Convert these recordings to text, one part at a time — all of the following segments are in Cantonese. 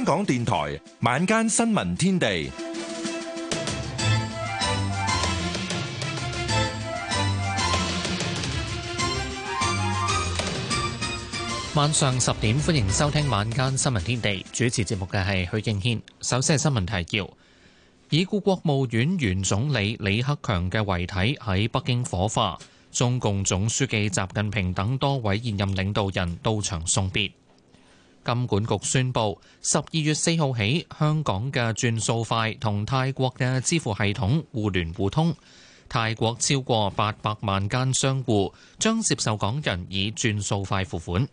香港電台晚間新聞天地，晚上十點，歡迎收聽晚間新聞天地。主持節目嘅係許敬軒。首先係新聞提要：已故國務院原總理李克強嘅遺體喺北京火化，中共總書記習近平等多位現任領導人到場送別。金管局宣布，十二月四號起，香港嘅轉數快同泰國嘅支付系統互聯互通。泰國超過八百萬間商戶將接受港人以轉數快付款。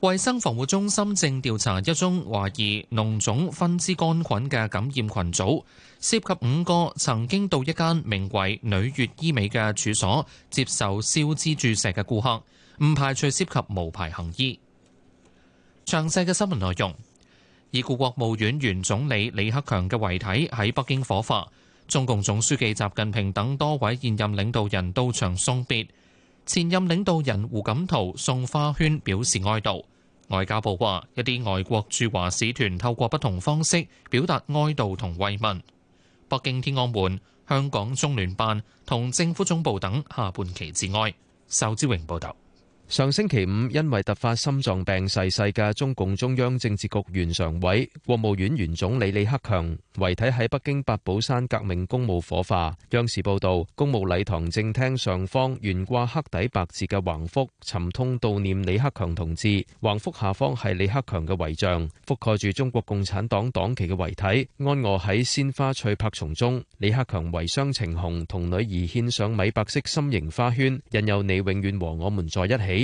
衛生防護中心正調查一宗懷疑膿腫分支桿菌嘅感染群組，涉及五個曾經到一間名為女月醫美嘅處所接受消脂注射嘅顧客，唔排除涉及無牌行醫。詳細嘅新聞內容，已故國務院原總理李克強嘅遺體喺北京火化，中共總書記習近平等多位現任領導人到場送別，前任領導人胡錦濤送花圈表示哀悼。外交部話，一啲外國駐華使團透過不同方式表達哀悼同慰問。北京天安門、香港中聯辦同政府總部等下半旗致哀。邵志榮報導。上星期五，因為突發心臟病逝世嘅中共中央政治局原常委、國務院原總理李克強，遺體喺北京八寶山革命公墓火化。央視報導，公墓禮堂正廳上方懸掛黑底白字嘅橫幅，沉痛悼念李克強同志。橫幅下方係李克強嘅遺像，覆蓋住中國共產黨黨旗嘅遺體，安卧喺鮮花翠柏叢中。李克強遺孀程虹同女兒獻上米白色心形花圈，印有你永遠和我們在一起。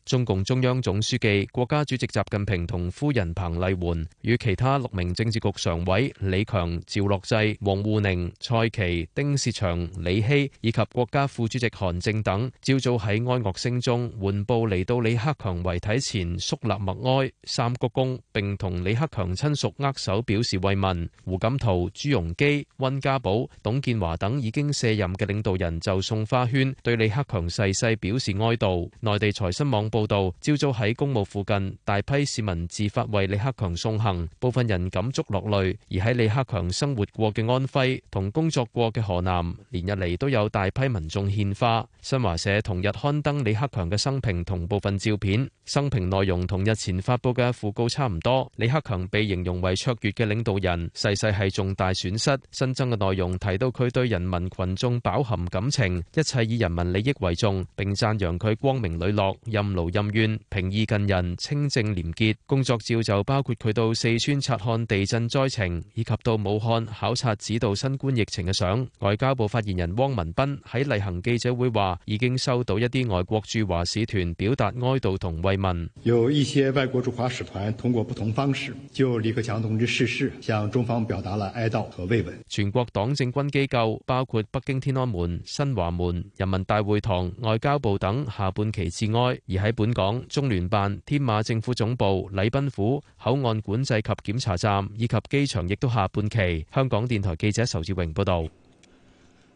中共中央總書記、國家主席習近平同夫人彭麗媛與其他六名政治局常委李強、趙樂際、王滬寧、蔡奇、丁薛祥、李希以及國家副主席韓正等，朝早喺哀樂聲中緩步嚟到李克強遺體前肅立默哀、三鞠躬，並同李克強親屬握手表示慰問。胡錦濤、朱鎔基、温家寶、董建華等已經卸任嘅領導人就送花圈，對李克強逝世表示哀悼。內地財新網報。報道，朝早喺公墓附近，大批市民自發為李克強送行，部分人感觸落淚。而喺李克強生活過嘅安徽同工作過嘅河南，連日嚟都有大批民眾獻花。新華社同日刊登李克強嘅生平同部分照片，生平內容同日前發佈嘅訃告差唔多。李克強被形容為卓越嘅領導人，逝世係重大損失。新增嘅內容提到佢對人民群眾飽含感情，一切以人民利益為重，並讚揚佢光明磊落、任任員，平易近人、清正廉潔。工作照就包括佢到四川察看地震災情，以及到武漢考察指導新冠疫情嘅相。外交部發言人汪文斌，喺例行記者會話已經收到一啲外國駐華使團表達哀悼同慰問，有一些外國駐華使團通過不同方式就李克強同志逝世向中方表達了哀悼和慰問。全國黨政軍機構包括北京天安門新華門、人民大會堂、外交部等下半旗致哀，而喺本港中聯辦、添馬政府總部、禮賓府、口岸管制及檢查站以及機場，亦都下半旗。香港電台記者仇志榮報道。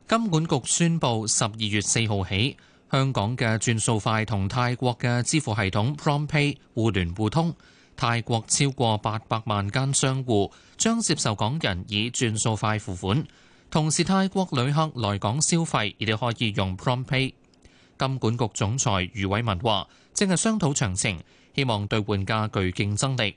金管局宣布，十二月四號起，香港嘅轉數快同泰國嘅支付系統 PromptPay 互聯互通。泰國超過八百萬間商戶將接受港人以轉數快付款，同時泰國旅客來港消費亦都可以用 PromptPay。金管局總裁余偉文話。正係商討詳情，希望兌換價具競爭力。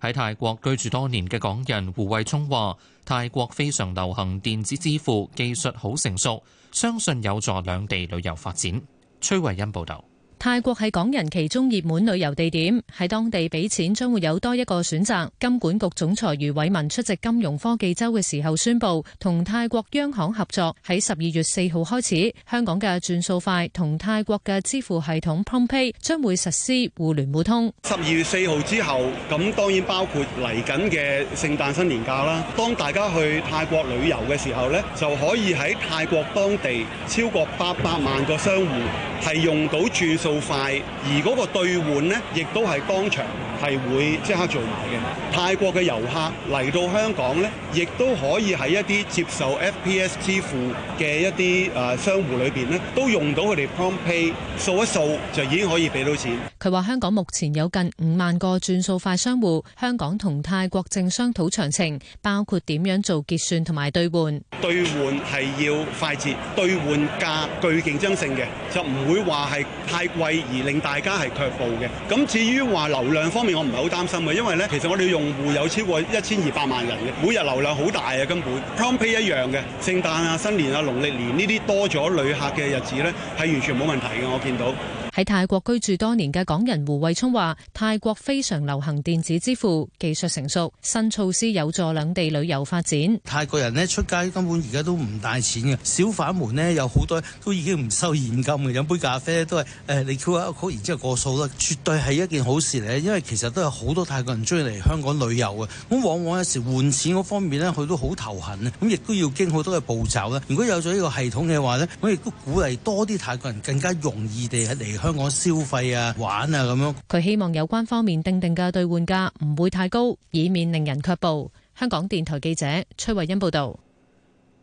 喺泰國居住多年嘅港人胡惠聰話，泰國非常流行電子支付，技術好成熟，相信有助兩地旅遊發展。崔慧欣報導。泰國係港人其中熱門旅遊地點，喺當地俾錢將會有多一個選擇。金管局總裁余偉文出席金融科技周嘅時候宣布，同泰國央行合作，喺十二月四號開始，香港嘅轉數快同泰國嘅支付系統 PromptPay 將會實施互聯互通。十二月四號之後，咁當然包括嚟緊嘅聖誕新年假啦。當大家去泰國旅遊嘅時候呢就可以喺泰國當地超過八百萬個商戶係用到轉數。快，而嗰個兌換咧，亦都係當場。係會即刻做埋嘅。泰國嘅遊客嚟到香港呢，亦都可以喺一啲接受 FPS 支付嘅一啲誒商戶裏邊呢，都用到佢哋 Prompt Pay 掃一掃就已經可以俾到錢。佢話香港目前有近五萬個轉數快商戶，香港同泰國正商討詳情，包括點樣做結算同埋兌換。兌換係要快捷，兌換價具競爭性嘅，就唔會話係太貴而令大家係卻步嘅。咁至於話流量方面，我唔係好擔心嘅，因為咧，其實我哋用戶有超過一千二百萬人嘅，每日流量好大啊。根本，Prompay 一樣嘅，聖誕啊、新年啊、農曆年呢啲多咗旅客嘅日子咧，係完全冇問題嘅。我見到。喺泰國居住多年嘅港人胡慧聰話，泰國非常流行電子支付，技術成熟，新措施有助兩地旅遊發展。泰國人咧出街根本而家都唔帶錢嘅，小販們咧有好多都已經唔收現金嘅，飲杯咖啡都係誒、呃、你 Q 下 Q，然之後過數啦，絕對係一件好事嚟。因為其實都有好多泰國人中意嚟香港旅遊嘅，咁往往有時換錢嗰方面咧，佢都好頭痕，咁亦都要經好多嘅步驟啦。如果有咗呢個系統嘅話咧，我亦都鼓勵多啲泰國人更加容易地嚟香港消費啊、玩啊咁樣，佢希望有關方面定定嘅兌換價唔會太高，以免令人卻步。香港電台記者崔慧欣報導。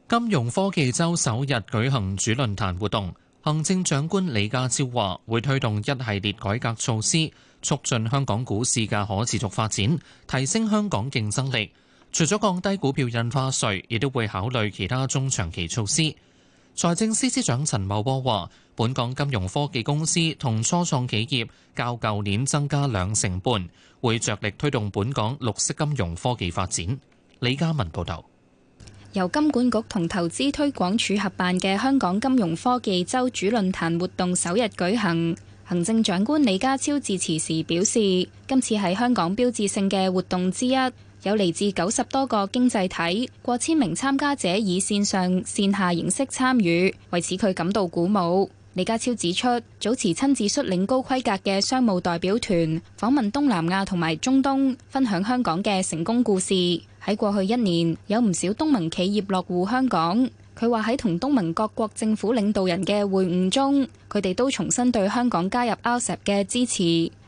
金融科技周首日舉行主論壇活動，行政長官李家超話會推動一系列改革措施，促進香港股市嘅可持續發展，提升香港競爭力。除咗降低股票印花稅，亦都會考慮其他中長期措施。財政司司長陳茂波話。本港金融科技公司同初創企業較舊年增加兩成半，會着力推動本港綠色金融科技發展。李嘉文報道，由金管局同投資推廣署合辦嘅香港金融科技周主論壇活動首日舉行。行政長官李家超致辭時表示，今次係香港標誌性嘅活動之一，有嚟自九十多個經濟體、過千名參加者以線上、線下形式參與，為此佢感到鼓舞。李家超指出，早前親自率領高規格嘅商務代表團訪問東南亞同埋中東，分享香港嘅成功故事。喺過去一年，有唔少東盟企業落戶香港。佢話喺同東盟各國政府領導人嘅會晤中，佢哋都重新對香港加入 RCEP 嘅支持。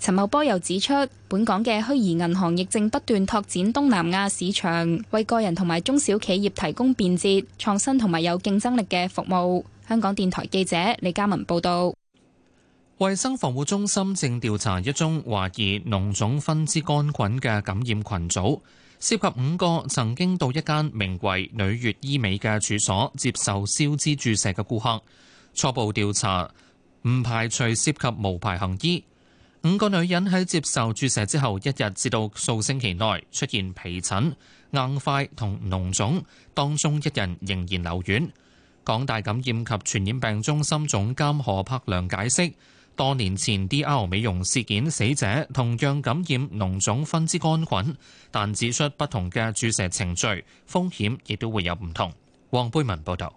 陳茂波又指出，本港嘅虛擬銀行亦正不斷拓展東南亞市場，為個人同埋中小企業提供便捷、創新同埋有競爭力嘅服務。香港電台記者李嘉文報道。衛生防護中心正調查一宗懷疑膿腫分枝桿菌嘅感染群組，涉及五個曾經到一間名為女月醫美嘅處所接受消脂注射嘅顧客。初步調查唔排除涉及無牌行醫。五個女人喺接受注射之後，一日至到數星期內出現皮疹、硬塊同膿腫，當中一人仍然留院。港大感染及傳染病中心總監何柏良解釋，多年前 DR 美容事件死者同樣感染膿腫分支桿菌，但指出不同嘅注射程序風險亦都會有唔同。黃貝文報導。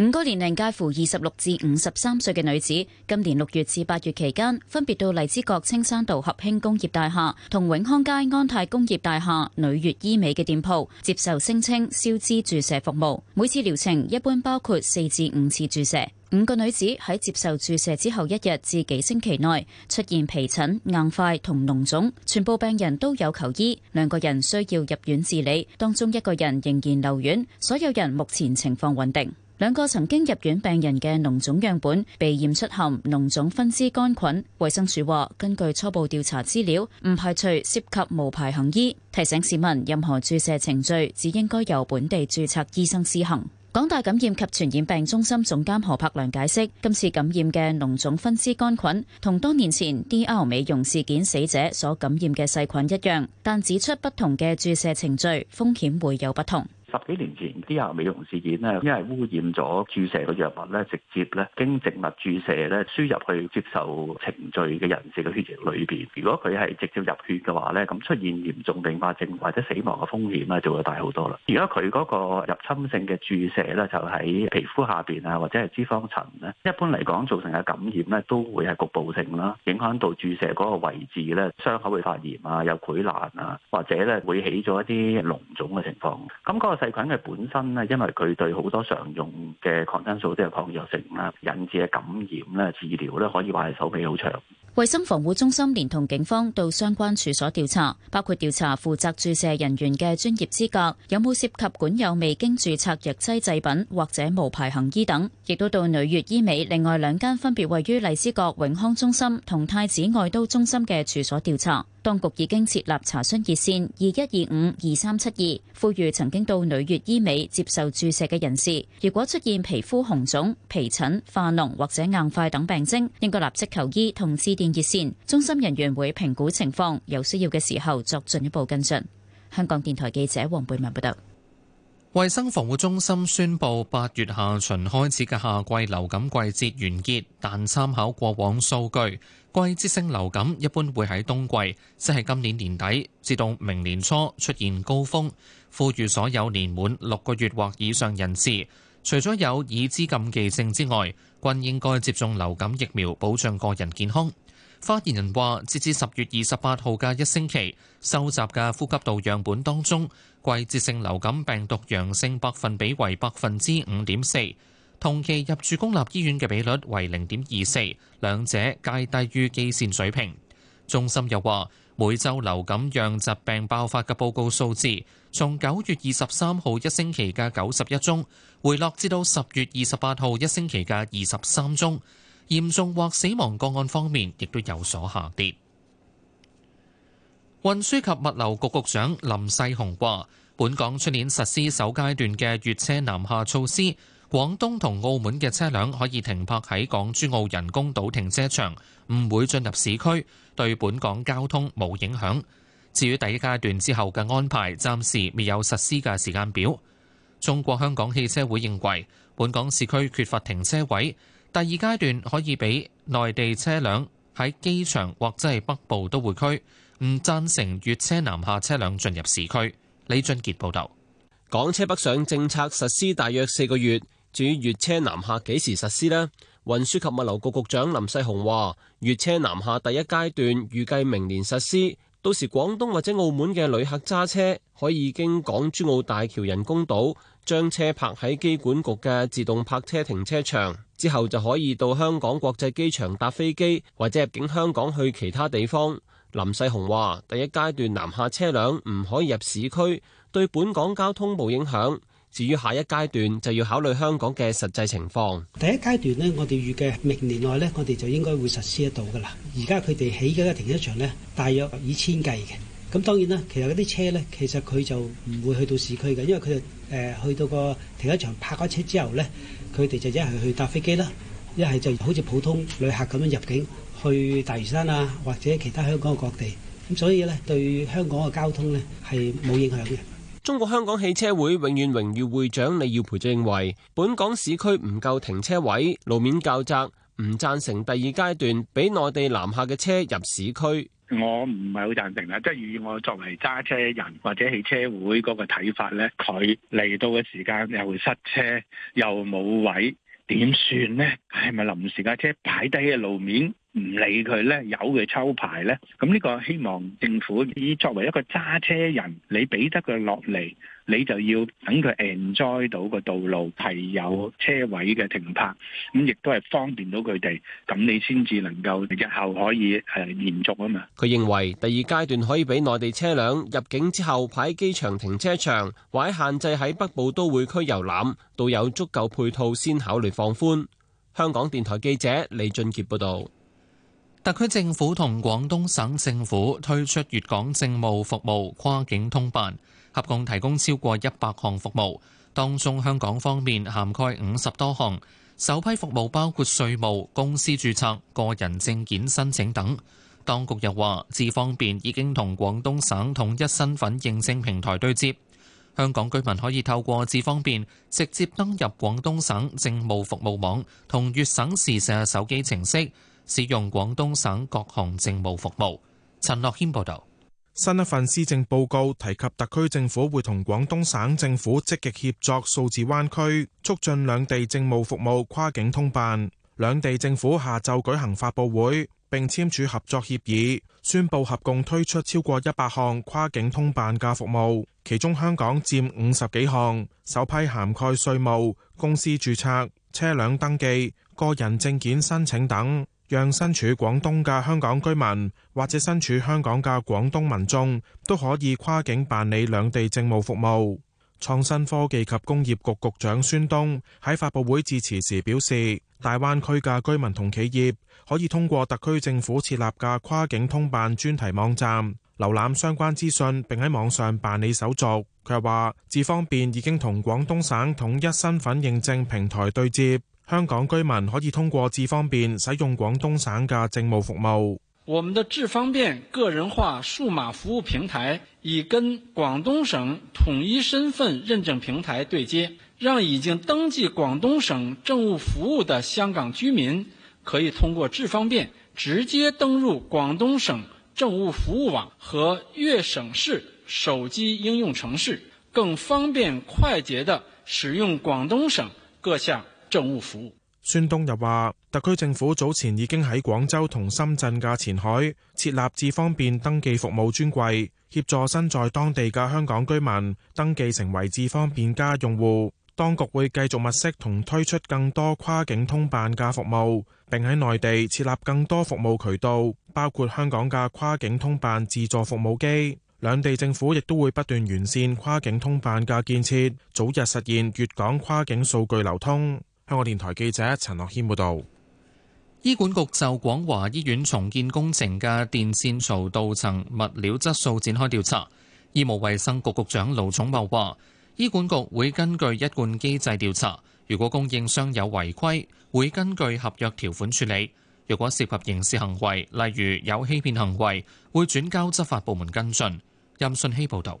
五個年齡介乎二十六至五十三歲嘅女子，今年六月至八月期間，分別到荔枝角青山道合興工業大廈同永康街安泰工業大廈女月醫美嘅店鋪接受聲稱消脂注射服務。每次療程一般包括四至五次注射。五個女子喺接受注射之後一日至幾星期內出現皮疹、硬塊同膿腫，全部病人都有求醫，兩個人需要入院治理，當中一個人仍然留院，所有人目前情況穩定。兩個曾經入院病人嘅膿腫樣本被驗出含膿腫分支桿菌，衛生署話根據初步調查資料，唔排除涉及無牌行醫，提醒市民任何注射程序只應該由本地註冊醫生施行。港大感染及傳染病中心總監何柏良解釋，今次感染嘅膿腫分支桿菌同多年前 DR 美容事件死者所感染嘅細菌一樣，但指出不同嘅注射程序風險會有不同。十幾年前啲亞美容事件咧，因為污染咗注射嘅藥物咧，直接咧經靜脈注射咧輸入去接受程序嘅人士嘅血液裏邊。如果佢係直接入血嘅話咧，咁出現嚴重併發症或者死亡嘅風險咧就會大好多啦。如果佢嗰個入侵性嘅注射咧，就喺皮膚下邊啊，或者係脂肪層咧，一般嚟講造成嘅感染咧都會係局部性啦，影響到注射嗰個位置咧，傷口會發炎啊，有潰爛啊，或者咧會起咗一啲膿腫嘅情況。咁嗰個細菌嘅本身咧，因為佢對好多常用嘅抗生素都有抗藥性啦，引致嘅感染咧，治療咧可以話係手尾好長。衛生防護中心連同警方到相關處所調查，包括調查負責注射人員嘅專業資格，有冇涉及管有未經註冊藥劑製品或者無牌行醫等，亦都到女月醫美另外兩間分別位於荔枝角永康中心同太子外都中心嘅處所調查。當局已經設立查詢熱線二一二五二三七二，呼籲曾經到女月醫美接受注射嘅人士，如果出現皮膚紅腫、皮疹、化膿或者硬塊等病徵，應該立即求醫同致電。熱線中心人員會評估情況，有需要嘅時候作進一步跟進。香港電台記者黃貝文報道。衛生防護中心宣布，八月下旬開始嘅夏季流感季節完結，但參考過往數據，季節性流感一般會喺冬季，即係今年年底至到明年初出現高峰。呼籲所有年滿六個月或以上人士，除咗有已知禁忌症之外，均應該接種流感疫苗，保障個人健康。發言人話，截至十月二十八號嘅一星期，收集嘅呼吸道樣本當中，季節性流感病毒陽性百分比為百分之五點四，同期入住公立醫院嘅比率為零點二四，兩者皆低於基線水平。中心又話，每周流感樣疾病爆發嘅報告數字，從九月二十三號一星期嘅九十一宗，回落至到十月二十八號一星期嘅二十三宗。嚴重或死亡個案方面，亦都有所下跌。運輸及物流局局長林世雄話，本港出年實施首階段嘅粵車南下措施，廣東同澳門嘅車輛可以停泊喺港珠澳人工島停車場，唔會進入市區，對本港交通冇影響。至於第一階段之後嘅安排，暫時未有實施嘅時間表。中國香港汽車會認為，本港市區缺乏停車位。第二階段可以俾內地車輛喺機場或者係北部都會區，唔贊成粵車南下車輛進入市區。李俊傑報導，港車北上政策實施大約四個月，至於粵車南下幾時實施呢？運輸及物流局局長林世雄話：粵車南下第一階段預計明年實施，到時廣東或者澳門嘅旅客揸車可以經港珠澳大橋人工島，將車泊喺機管局嘅自動泊車停車場，之後就可以到香港國際機場搭飛機，或者入境香港去其他地方。林世雄話：第一階段南下車輛唔可以入市區，對本港交通冇影響。至於下一階段就要考慮香港嘅實際情況。第一階段呢，我哋預計明年內呢，我哋就應該會實施得到噶啦。而家佢哋起嘅停車場呢，大約二千計嘅。咁當然啦，其實嗰啲車呢，其實佢就唔會去到市區嘅，因為佢就誒、呃、去到個停車場泊開車之後呢，佢哋就一係去搭飛機啦，一係就好似普通旅客咁樣入境去大嶼山啊或者其他香港嘅各地。咁所以呢，對香港嘅交通呢係冇影響嘅。中國香港汽車會永遠榮譽會長李耀培就認為，本港市區唔夠停車位，路面較窄。唔贊成第二階段俾內地南下嘅車入市區，我唔係好贊成啦。即係以我作為揸車人或者汽車會嗰個睇法，呢，佢嚟到嘅時間又塞車又冇位，點算呢？係咪臨時架車擺低嘅路面？唔理佢咧，有嘅抽牌咧，咁呢個希望政府以作為一個揸車人，你俾得佢落嚟，你就要等佢 enjoy 到個道路係有車位嘅停泊，咁亦都係方便到佢哋。咁你先至能夠日後可以係延續啊嘛。佢認為第二階段可以俾內地車輛入境之後，喺機場停車場或者限制喺北部都會區遊覽，都有足夠配套先考慮放寬。香港電台記者李俊傑報道。特區政府同廣東省政府推出粵港政務服務跨境通辦，合共提供超過一百項服務，當中香港方面涵蓋五十多項，首批服務包括稅務、公司注冊、個人證件申請等。當局又話，智方便已經同廣東省統一身份認證平台對接，香港居民可以透過智方便直接登入廣東省政務服務網同粵省事嘅手機程式。使用廣東省各項政務服務。陳樂謙報道。新一份施政報告提及，特區政府會同廣東省政府積極協作，數字灣區促進兩地政務服務跨境通辦。兩地政府下晝舉行發布會，並簽署合作協議，宣布合共推出超過一百項跨境通辦嘅服務，其中香港佔五十幾項，首批涵蓋稅務、公司註冊、車輛登記、個人證件申請等。讓身處廣東嘅香港居民或者身處香港嘅廣東民眾都可以跨境辦理兩地政務服務。創新科技及工業局局長孫東喺發布會致辭時表示，大灣區嘅居民同企業可以通過特區政府設立嘅跨境通辦專題網站瀏覽相關資訊，並喺網上辦理手續。佢又話，為方便已經同廣東省統一身份認證平台對接。香港居民可以通過智方便使用廣東省嘅政務服務。我們的智方便個人化數碼服務平台已跟廣東省統一身份認證平台對接，讓已經登記廣東省政務服務的香港居民可以通過智方便直接登入廣東省政務服務網和粵省市手機應用程式，更方便快捷地使用廣東省各項政務服務。孫東又話，特區政府早前已經喺廣州同深圳嘅前海設立智方便登記服務專櫃，協助身在當地嘅香港居民登記成為智方便家用戶，當局會繼續物色同推出更多跨境通辦嘅服務，並喺內地設立更多服務渠道，包括香港嘅跨境通辦自助服務機，兩地政府亦都會不斷完善跨境通辦嘅建設，早日實現粵港跨境數據流通。香港電台記者陳樂謙報道，醫管局就廣華醫院重建工程嘅電線槽鍍層物料質素展開調查。醫務衛生局局長盧寵茂話，醫管局會根據一貫機制調查，如果供應商有違規，會根據合約條款處理；如果涉及刑事行為，例如有欺騙行為，會轉交執法部門跟進。任信希報道。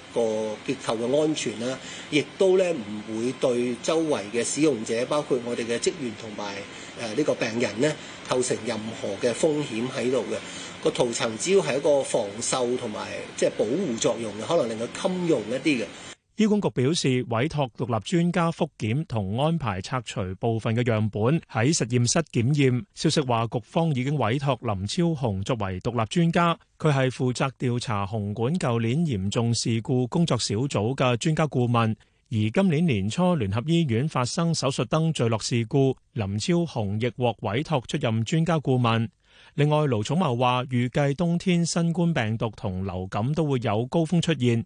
個結構嘅安全啦，亦都咧唔會對周圍嘅使用者，包括我哋嘅職員同埋誒呢個病人咧構成任何嘅風險喺度嘅。個塗層只要係一個防鏽同埋即係保護作用嘅，可能令佢襟用一啲嘅。醫管局表示，委託獨立專家複檢同安排拆除部分嘅樣本喺實驗室檢驗。消息話局方已經委託林超雄作為獨立專家，佢係負責調查紅館舊年嚴重事故工作小組嘅專家顧問，而今年年初聯合醫院發生手術燈墜落事故，林超雄亦獲委託出任專家顧問，另外，盧寵茂話預計冬天新冠病毒同流感都會有高峰出現。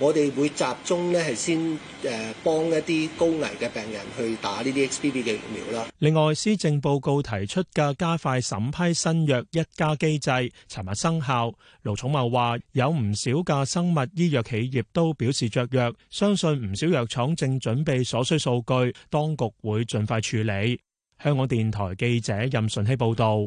我哋會集中咧，係先誒幫一啲高危嘅病人去打呢啲 XBB 嘅疫苗啦。另外，施政報告提出嘅加快審批新藥一加機制，尋日生效。盧寵茂話：有唔少嘅生物醫藥企業都表示雀躍，相信唔少藥廠正準備所需數據，當局會盡快處理。香港電台記者任順希報導。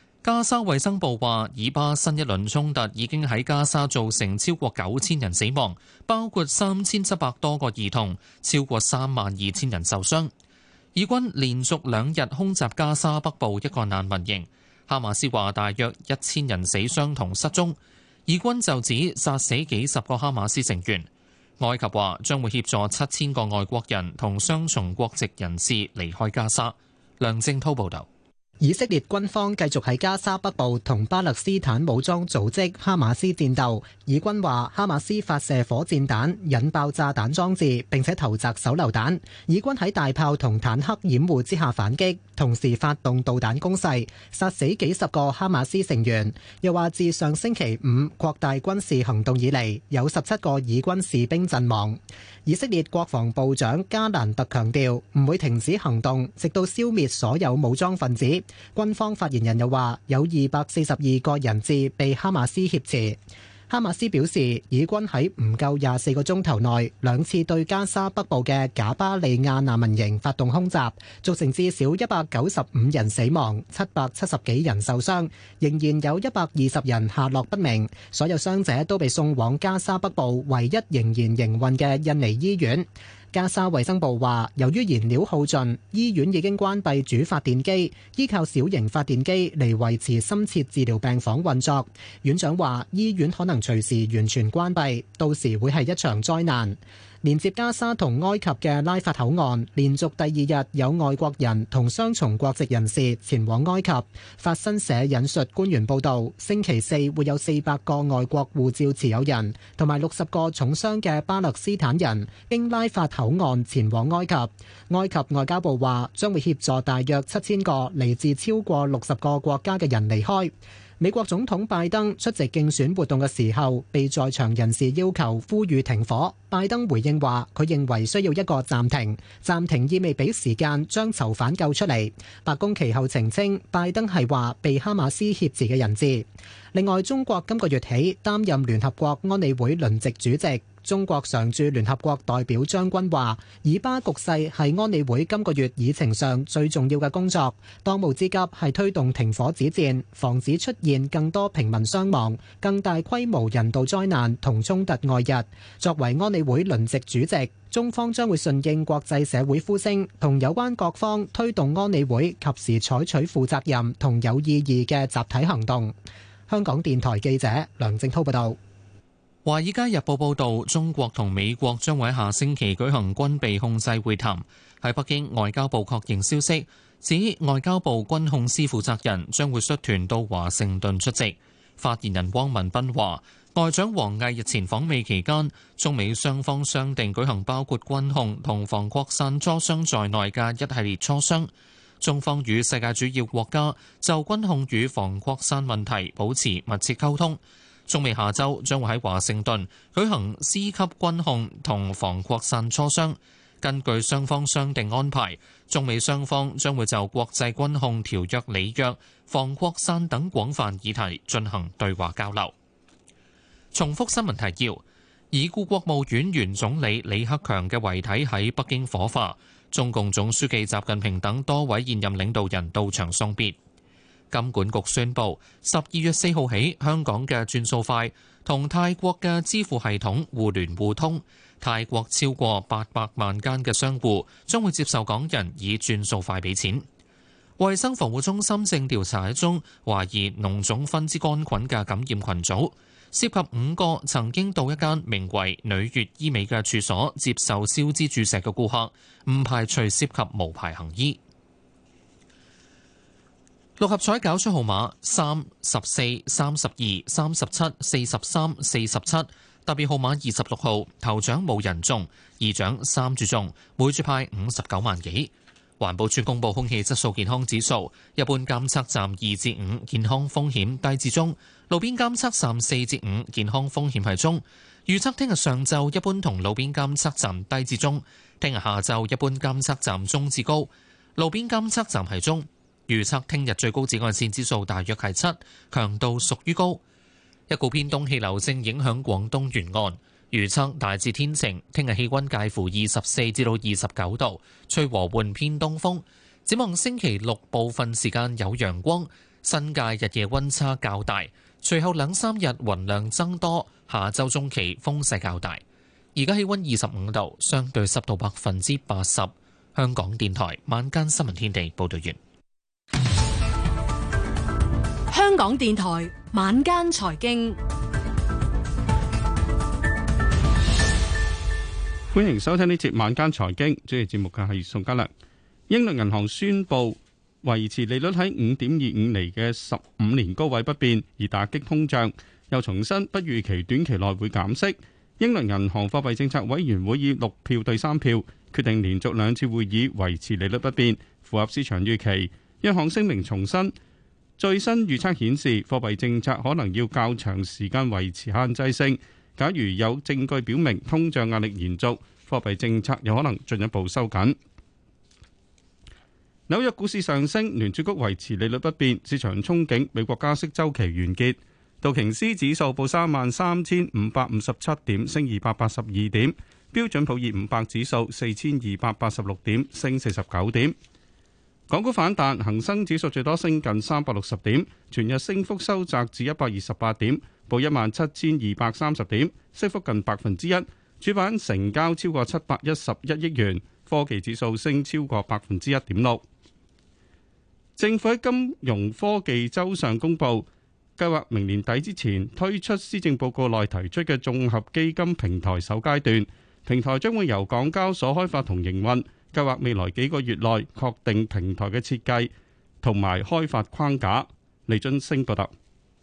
加沙衞生部話，以巴新一輪衝突已經喺加沙造成超過九千人死亡，包括三千七百多個兒童，超過三萬二千人受傷。以軍連續兩日空襲加沙北部一個難民營，哈馬斯話大約一千人死傷同失蹤，以軍就指殺死幾十個哈馬斯成員。埃及話將會協助七千個外國人同雙重國籍人士離開加沙。梁正滔報導。以色列軍方繼續喺加沙北部同巴勒斯坦武裝組織哈馬斯戰鬥。以軍話哈馬斯發射火箭彈、引爆炸彈裝置，並且投擲手榴彈。以軍喺大炮同坦克掩護之下反擊，同時發動導彈攻勢，殺死幾十個哈馬斯成員。又話自上星期五擴大軍事行動以嚟，有十七個以軍士兵陣亡。以色列國防部長加蘭特強調，唔會停止行動，直到消滅所有武裝分子。軍方發言人又話，有二百四十二個人質被哈馬斯挾持。哈馬斯表示，以軍喺唔夠廿四個鐘頭內兩次對加沙北部嘅賈巴利亞難民營發動空襲，造成至少一百九十五人死亡、七百七十幾人受傷，仍然有一百二十人下落不明。所有傷者都被送往加沙北部唯一仍然營運嘅印尼醫院。加沙衛生部話，由於燃料耗盡，醫院已經關閉主發電機，依靠小型發電機嚟維持深切治療病房運作。院長話，醫院可能隨時完全關閉，到時會係一場災難。連接加沙同埃及嘅拉法口岸，連續第二日有外國人同雙重國籍人士前往埃及。法新社引述官員報導，星期四會有四百個外國護照持有人同埋六十個重傷嘅巴勒斯坦人經拉法口岸前往埃及。埃及外交部話將會協助大約七千個嚟自超過六十個國家嘅人離開。美國總統拜登出席競選活動嘅時候，被在場人士要求呼籲停火。拜登回應話，佢認為需要一個暫停，暫停意味俾時間將囚犯救出嚟。白宮其後澄清，拜登係話被哈馬斯挾持嘅人質。另外，中國今個月起擔任聯合國安理會輪值主席。中國常駐聯合國代表張軍話，以巴局勢係安理會今個月議程上最重要嘅工作，當務之急係推動停火止戰，防止出現更多平民傷亡、更大規模人道災難同衝突外溢。作為安理會輪值主席，中方將會順應國際社會呼聲，同有關各方推動安理會及時採取負責任同有意義嘅集體行動。香港電台記者梁振濤報道，《華爾街日報》報道，中國同美國將會下星期舉行軍備控制會談。喺北京，外交部確認消息，指外交部軍控司負責人將會率團到華盛頓出席。發言人汪文斌話，外長王毅日前訪美期間，中美雙方商定舉行包括軍控同防擴散磋商在內嘅一系列磋商。中方與世界主要國家就軍控與防擴散問題保持密切溝通。中美下週將會喺華盛頓舉行司級軍控同防擴散磋商，根據雙方商定安排，中美雙方將會就國際軍控條約、里約、防擴散等廣泛議題進行對話交流。重複新聞提要：已故國務院原總理李克強嘅遺體喺北京火化。中共總書記習近平等多位現任領導人到場送別。金管局宣布，十二月四號起，香港嘅轉數快同泰國嘅支付系統互聯互通。泰國超過八百萬間嘅商戶將會接受港人以轉數快俾錢。衛生防護中心正調查一宗懷疑膿腫分支杆菌嘅感染群組。涉及五個曾經到一間名為女月醫美嘅處所接受消脂注射嘅顧客，唔排除涉及無牌行醫。六合彩攪出號碼三十四、三十二、三十七、四十三、四十七，特別號碼二十六號。頭獎冇人中，二獎三注中，每注派五十九萬幾。環保署公布空氣質素健康指數，一般監測站二至五，健康風險低至中。路邊監測站四至五，5，健康風險係中。預測聽日上晝一般同路邊監測站低至中，聽日下晝一般監測站中至高，路邊監測站係中。預測聽日最高紫外線指數大約係七，強度屬於高。一股偏東氣流正影響廣東沿岸，預測大致天晴，聽日氣溫介乎二十四至到二十九度，吹和緩偏東風。展望星期六部分時間有陽光，新界日夜溫差較大。隨後兩三日雲量增多，下週中期風勢較大。而家氣溫二十五度，相對濕度百分之八十。香港電台晚間新聞天地報道完。香港電台晚間財經，歡迎收聽呢節晚間財經。主持節目嘅係宋家良。英倫銀行宣布，維持利率喺五點二五厘嘅十五年高位不變，而打擊通脹，又重申不預期短期內會減息。英倫銀行貨幣政策委員會以六票對三票決定連續兩次會議維持利率不變，符合市場預期。央行聲明重申，最新預測顯示貨幣政策可能要較長時間維持限制性。假如有證據表明通脹壓力延續，貨幣政策有可能進一步收緊。紐約股市上升，聯儲局維持利率不變，市場憧憬美國加息周期完結。道瓊斯指數報三萬三千五百五十七點，升二百八十二點；標準普爾五百指數四千二百八十六點，升四十九點。港股反彈，恒生指數最多升近三百六十點，全日升幅收窄至一百二十八點，報一萬七千二百三十點，升幅近百分之一。主板成交超過七百一十一億元，科技指數升超過百分之一點六。政府喺金融科技周上公布，計劃明年底之前推出《施政報告》內提出嘅綜合基金平台首階段，平台將會由港交所開發同營運。計劃未來幾個月內確定平台嘅設計同埋開發框架。李俊升報道。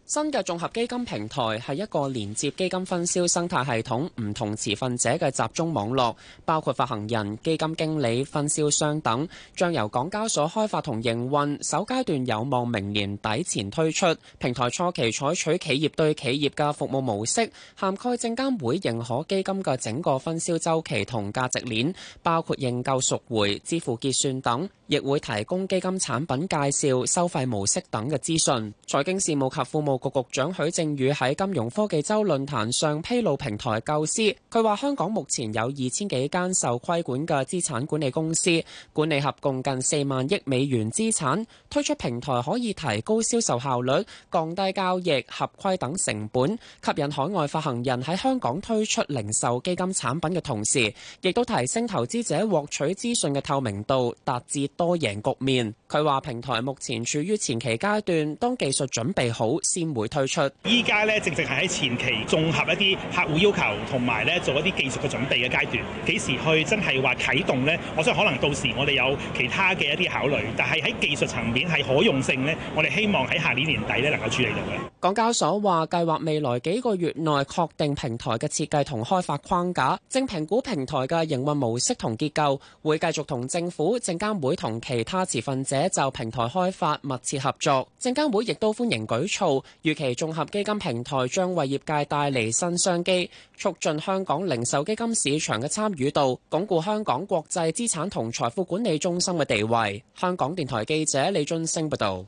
新嘅綜合基金平台係一個連接基金分銷生態系統唔同持份者嘅集中網絡，包括發行人、基金經理、分銷商等，將由港交所開發同營運。首階段有望明年底前推出。平台初期採取企業對企業嘅服務模式，涵蓋證監會認可基金嘅整個分銷週期同價值鏈，包括認購、贖回、支付結算等，亦會提供基金產品介紹、收費模式等嘅資訊。財經事務及服務局局長許正宇喺金融科技周論壇上披露平台構思，佢話香港目前有二千幾間受規管嘅資產管理公司，管理合共近四萬億美元資產。推出平台可以提高銷售效率，降低交易、合規等成本，吸引海外發行人喺香港推出零售基金產品嘅同時，亦都提升投資者獲取資訊嘅透明度，達至多贏局面。佢話平台目前處於前期階段，當技術準備好，先會推出依家，咧，正正係喺前期綜合一啲客戶要求，同埋咧做一啲技術嘅準備嘅階段。幾時去真係話啟動咧？我想可能到時我哋有其他嘅一啲考慮，但係喺技術層面係可用性咧，我哋希望喺下年年底咧能夠處理到嘅。港交所話計劃未來幾個月內確定平台嘅設計同開發框架，正評估平台嘅營運模式同結構，會繼續同政府、證監會同其他持份者就平台開發密切合作。證監會亦都歡迎舉措。預期綜合基金平台將為業界帶嚟新商機，促進香港零售基金市場嘅參與度，鞏固香港國際資產同財富管理中心嘅地位。香港電台記者李俊升報道。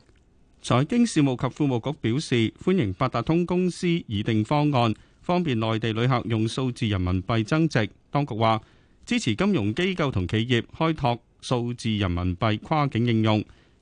財經事務及庫務局表示歡迎八達通公司擬定方案，方便內地旅客用數字人民幣增值。當局話支持金融機構同企業開拓數字人民幣跨境應用。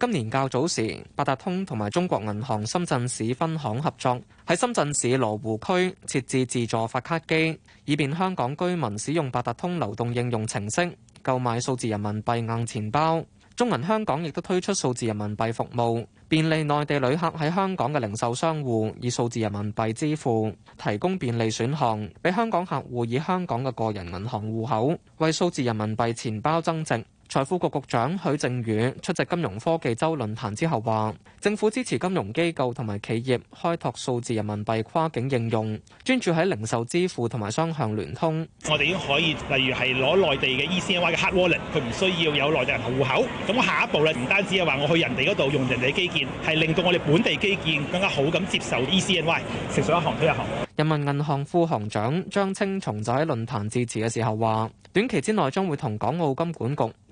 今年較早時，八達通同埋中國銀行深圳市分行合作，喺深圳市羅湖區設置自助發卡機，以便香港居民使用八達通流動應用程式購買數字人民幣硬錢包。中銀香港亦都推出數字人民幣服務，便利內地旅客喺香港嘅零售商戶以數字人民幣支付，提供便利選項，俾香港客戶以香港嘅個人銀行戶口，為數字人民幣錢包增值。財富局局長許正宇出席金融科技周論壇之後，話政府支持金融機構同埋企業開拓數字人民幣跨境應用，專注喺零售支付同埋雙向聯通。我哋已經可以，例如係攞內地嘅 eCNY 嘅 hard wallet 佢唔需要有內地人戶口。咁我下一步咧，唔單止係話我去人哋嗰度用人哋嘅基建，係令到我哋本地基建更加好咁接受 eCNY，成咗一行推一行。人民銀行副行長張青松就喺論壇致辭嘅時候話，短期之內將會同港澳金管局。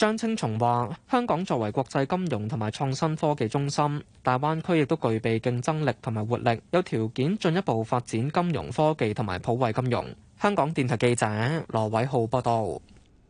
張青松話：香港作為國際金融同埋創新科技中心，大灣區亦都具備競爭力同埋活力，有條件進一步發展金融科技同埋普惠金融。香港電台記者羅偉浩報道。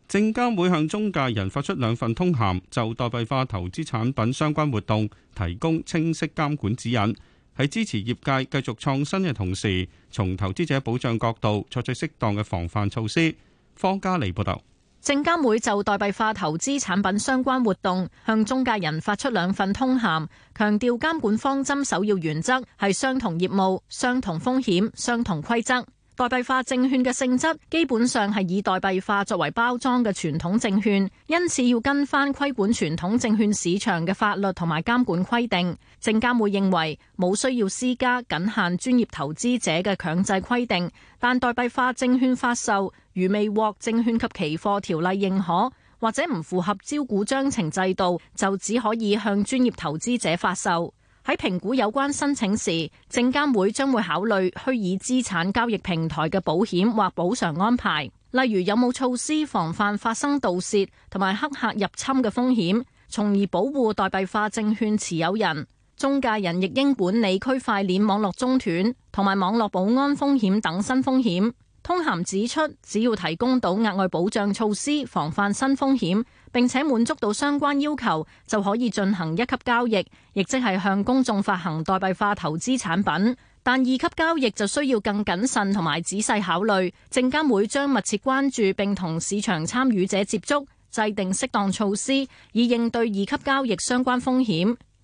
證監會向中介人發出兩份通函，就代幣化投資產品相關活動提供清晰監管指引，喺支持業界繼續創新嘅同時，從投資者保障角度採取適當嘅防範措施。方家莉報道。證監會就代幣化投資產品相關活動向中介人發出兩份通函，強調監管方針首要原則係相同業務、相同風險、相同規則。代幣化證券嘅性質基本上係以代幣化作為包裝嘅傳統證券，因此要跟翻規管傳統證券市場嘅法律同埋監管規定。證監會認為冇需要施加僅限專業投資者嘅強制規定，但代幣化證券發售。如未獲證券及期貨條例認可，或者唔符合招股章程制度，就只可以向專業投資者發售。喺評估有關申請時，證監會將會考慮虛擬資產交易平台嘅保險或補償安排，例如有冇措施防範發生盜竊同埋黑客入侵嘅風險，從而保護代幣化證券持有人。中介人亦應管理區塊鏈網絡中斷同埋網絡保安風險等新風險。通函指出，只要提供到額外保障措施，防範新風險，並且滿足到相關要求，就可以進行一級交易，亦即係向公眾發行代幣化投資產品。但二級交易就需要更謹慎同埋仔細考慮，證監會將密切關注並同市場參與者接觸，制定適當措施，以應對二級交易相關風險。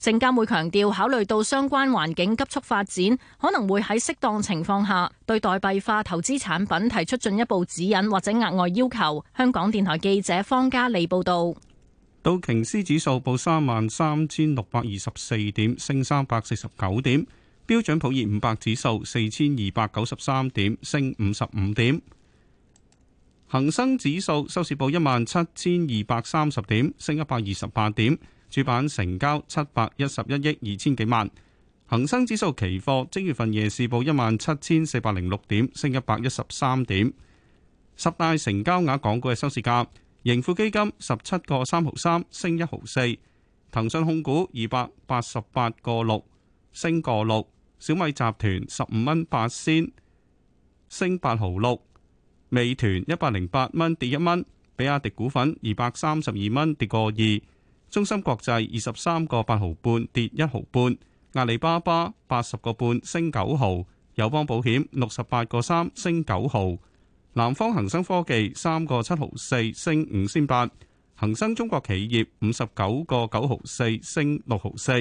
證監會強調，考慮到相關環境急速發展，可能會喺適當情況下對代幣化投資產品提出進一步指引或者額外要求。香港電台記者方嘉利報道。道瓊斯指數報三萬三千六百二十四點，升三百四十九點。標準普爾五百指數四千二百九十三點，升五十五點。恒生指數收市報一萬七千二百三十點，升一百二十八點。主板成交七百一十一億二千幾萬。恒生指數期貨正月份夜市報一萬七千四百零六點，升一百一十三點。十大成交額港股嘅收市價：盈富基金十七個三毫三，升一毫四；騰訊控股二百八十八個六，升個六；小米集團十五蚊八仙，升八毫六。美團一百零八蚊跌一蚊，比亞迪股份二百三十二蚊跌個二，中芯國際二十三個八毫半跌一毫半，阿里巴巴八十個半升九毫，友邦保險六十八個三升九毫，南方恒生科技三個七毫四升五仙八，恒生中國企業五十九個九毫四升六毫四，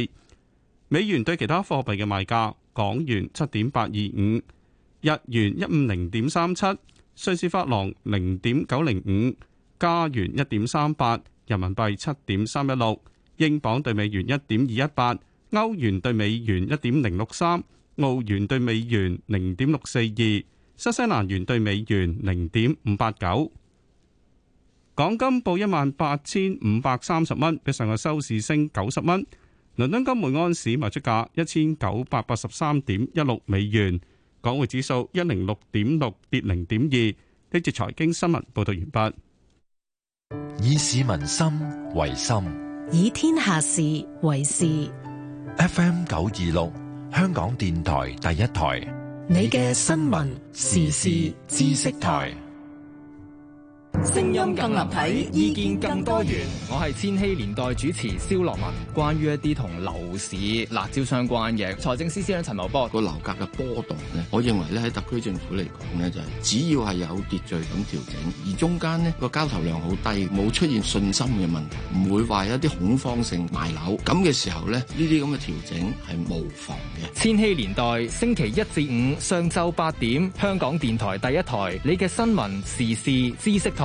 美元對其他貨幣嘅賣價，港元七點八二五，日元一五零點三七。瑞士法郎零點九零五，加元一點三八，人民幣七點三一六，英鎊兌美元一點二一八，歐元兌美元一點零六三，澳元兌美元零點六四二，新西蘭元兌美元零點五八九。港金報一萬八千五百三十蚊，比上日收市升九十蚊。倫敦金每安士賣出價一千九百八十三點一六美元。港匯指數一零六點六跌零點二。呢節財經新聞報道完畢。以市民心為心，以天下事為事。FM 九二六香港電台第一台，你嘅新聞時事知識台。聲音更立體，意見更多元。我係千禧年代主持蕭樂文。關於一啲同樓市辣招相關嘅財政司司長陳茂波，個樓價嘅波動咧，我認為咧喺特區政府嚟講呢就係只要係有秩序咁調整，而中間呢個交投量好低，冇出現信心嘅問題，唔會話有啲恐慌性賣樓。咁嘅時候咧，呢啲咁嘅調整係無妨嘅。千禧年代星期一至五上晝八點，香港電台第一台，你嘅新聞時事知識台。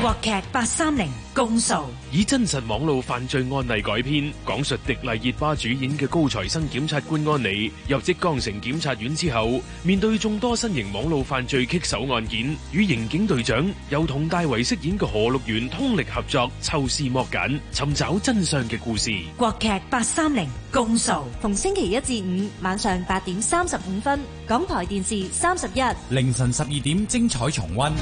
國劇八三零公訴以真實網路犯罪，罪案例改編，講述迪麗熱巴主演嘅高材生檢察官安旎入職江城檢察院之後，面對眾多新型網路犯罪，罪棘手案件，與刑警隊長由佟大為飾演嘅何綠源通力合作，抽絲剝繭，尋找真相嘅故事。國劇八三零公訴，逢星期一至五晚上八點三十五分，港台電視三十一，凌晨十二點精彩重溫。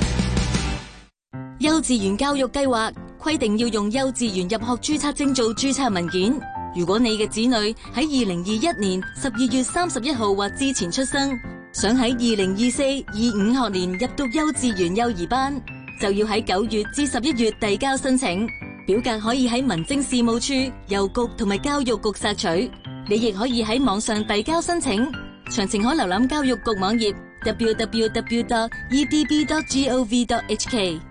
幼稚園教育計劃規定要用幼稚園入學注冊證做注冊文件。如果你嘅子女喺二零二一年十二月三十一號或之前出生，想喺二零二四二五學年入讀幼稚園幼兒班，就要喺九月至十一月遞交申請。表格可以喺民政事務處、郵局同埋教育局索取。你亦可以喺網上遞交申請，詳情可瀏覽教育局網頁 www.edb.gov.hk。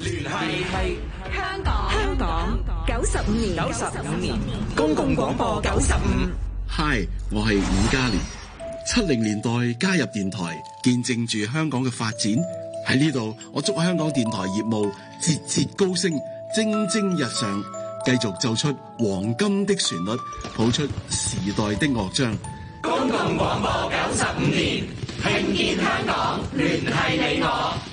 聯繫係香港，香港九十五年，九十五年公共廣播九十五。Hi，我係伍家廉，七零年代加入電台，見證住香港嘅發展。喺呢度，我祝香港電台業務節節高升，蒸蒸日上，繼續奏出黃金的旋律，譜出時代的樂章。公共廣播九十五年，聽見香港，聯繫你我。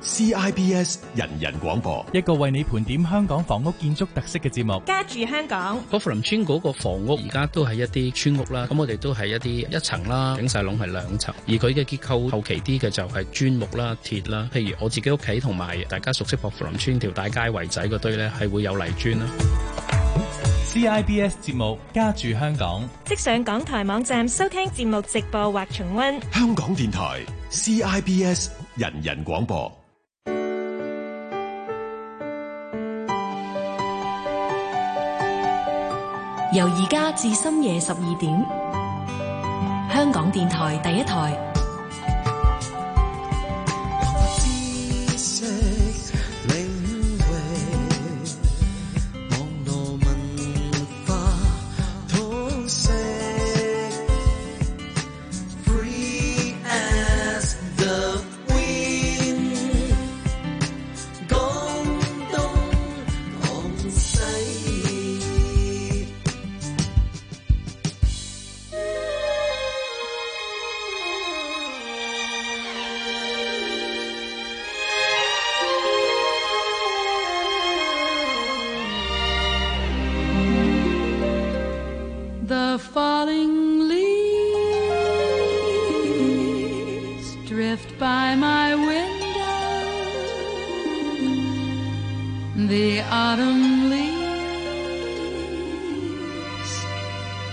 CIBS 人人廣播，一個為你盤點香港房屋建築特色嘅節、節目。家住香港，柏富林村嗰個房屋而家都係一啲村屋啦。咁我哋都係一啲一層啦，頂晒籠係兩層。而佢嘅結構後期啲嘅就係磚木啦、鐵啦。譬如我自己屋企同埋大家熟悉薄扶林村條大街圍仔嗰堆咧，係會有泥磚啦。CIBS 節目家住香港，即上港台網站收聽節目直播或重溫。香港電台 CIBS 人人廣播。由而家至深夜十二點，香港電台第一台。